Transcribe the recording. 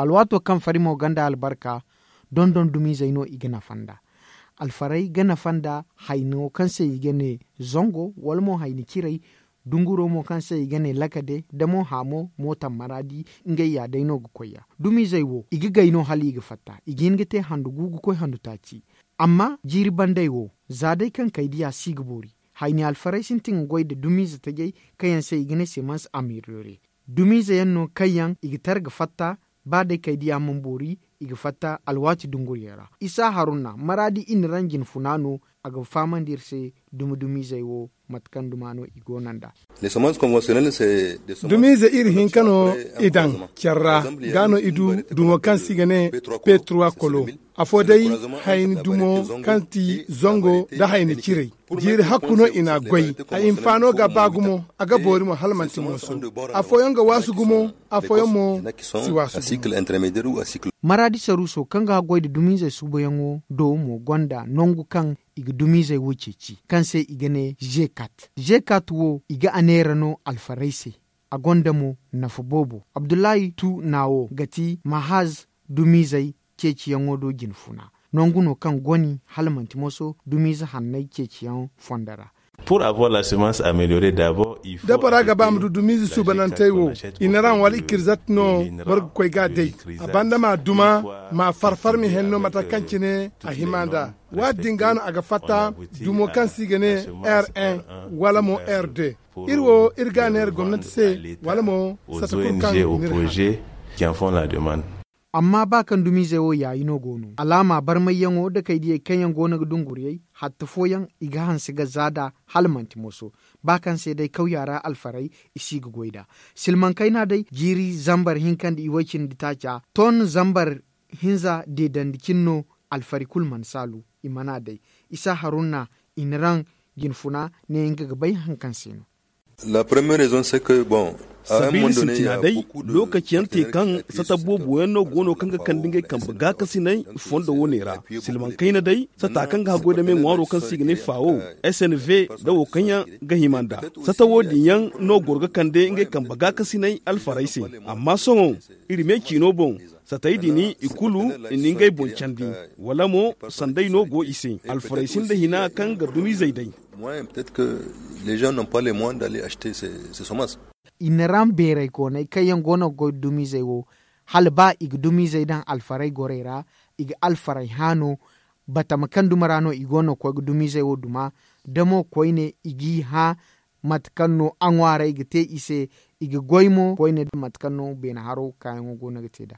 alwato kam farimo ganda albarka don don dumi zaino igana fanda alfarai gana fanda haino kanse igane zongo walmo haini kirai dunguro mo kanse igane lakade mo hamo mota maradi nge ya daino gukoya dumi zaiwo igiga ino hali iga fatta igingete handu gugu koy handu tachi amma jiri bandai wo zadai kan kaidiya sigbori haini alfarai sintin goy da dumi zatajai kayan sai igane semans amirore dumi zayanno kayan igitar ga fatta bade kaidi ya mumburi iga fatta alwati dunguriyara isa haruna maradi iniran jin funano aga famandirse dumudumize wo matkan dumano igonanda dumize iri hinkano idan kyarra gano idu dumo kan sigane petrua kolo afo dai haini dumo kanti zongo da haini cirei jiri hakkuno ina goyi a infano ga bagumo aga ga borimo halmanti moso a foyon ga wasu gumo a mo si wasu maradi saruso kan ga goyi da dumize suboyango do mo gonda nongu kan iga dumize wuce ci kan franse i gene g4 g4 wo i ga anerano alfaraise a gonda mo nafa bobo abdulayi tu nawo gati mahaz dumizai keciyango do jin funa nonguno kan goni halmanti moso dumiza hannai keciyan fondara pour avoir la semence améliorée d'abord il faut dabara ga bam Inara mwali banantai inaran no koy abanda ma duma ma farfar mi henno mata euh, kancine a himanda wa dingano dumo kansigene r1 wala mo r2 irwo irganer gomnati se wala mo sata kurkan au projet qui en font la demande amma ba kan dumi zewo ya ino gono alama bar mai yango da kai diye yan gona dunguriyai hatta foyan iga hansi ga zada halman timoso ba kan sai dai kau yara alfarai isi ga goida silman kai na dai jiri zambar hinkan da iwakin ditacha ton zambar hinza de no alfari kulman salu imana dai isa haruna inran ginfuna ne inga gabai hankan sino La première raison c'est que bon sabili sintina dai lokaci te kan sata bobu no gono kan kan dingai kan buga kasi nai fondo wonera silman kai na dai sata kan ga gode men waro kan signe fawo snv da wo kanya ga himanda sata wodi yan no gorga kan dai ingai kan buga kasi nai alfaraisi amma songo iri me kino bon sata sataidi ni ikulu ningai chandi wala mo sandai no go ise alfaraisin da hina kan ga dumi zaidai les gens n'ont pas les moyens d'aller acheter ces, ces semences. ina ran gona wo halba ig dumize dan alfarai gorera ig alfarai hano batam kan dumarano igono ko wo duma Demo koine Igiha, ha matkanno anwara ise ig goymo koine matkanno ben haro kayan gona